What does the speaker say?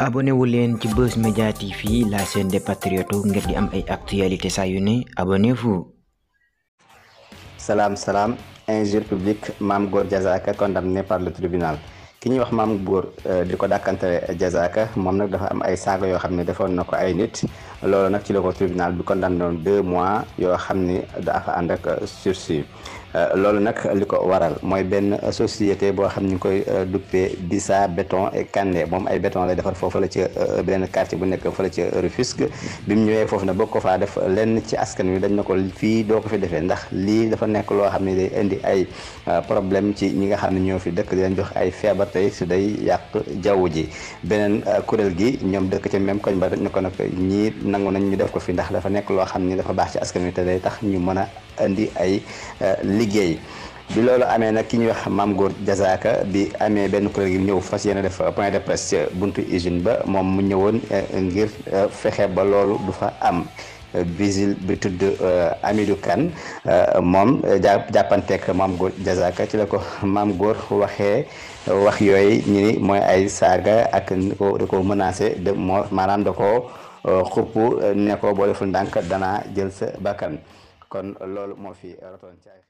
abonné wu leen ci Buzz Media TV la chaîne des patriotes ngir di am ay actualité saa yu ne abonné salaam salaam injure publique Mame Gor Diazaka condamné par le tribunal ki ñuy wax Mame Gor euh, di ko dàkkantale Diazaka moom nag dafa am ay saaga yoo xam ne defoon na ko ay nit loolu nag ci la ko tribunal bi condamné woon deux mois yoo xam ne dafa ànd ak Euh, loolu nag li ko waral mooy benn société boo xam ñu koy euh, duppee saa béton et Kandé moom ay béton lay defar foofu la ci euh, benn quartier bu nekk foofu la ci Rufisque bi mu ñëwee foofu nag boo ko faa def lenn ci askan wi dañ na ko fii doo ko fi defee ndax lii dafa nekk loo xam ne day indi ay problème ci ñi nga xam ne ñoo fi dëkk leen jox ay feebar tey su day yàq jaww ji beneen kuréel gi ñoom dëkk ci même koñ ba dañ na ko nag ñii nangu nañ ñu def ko fi ndax dafa nekk loo xam ni dafa baax ci askan wi te day tax ñu mën a indi ay euh, liggéey bi loolu amee nag ki ñuy wax Mame Goor Diazaka bi amee benn ko gi ñëw fas yéene def point de presse buntu usine ba moom mu ñëwoon euh, ngir euh, fexe ba loolu du fa am bisil bi tudd Amidou Kane moom jàppanteeg Mame Goor Diazaka ci la ko maam Goor waxee wax yooyu ñu ni mooy ay saaga ak di ko di ko menacé de mort maanaam da ko xupp ne ko boo deful dana danaa jël sa bakkan kon loolu moo fi ratoon ci ay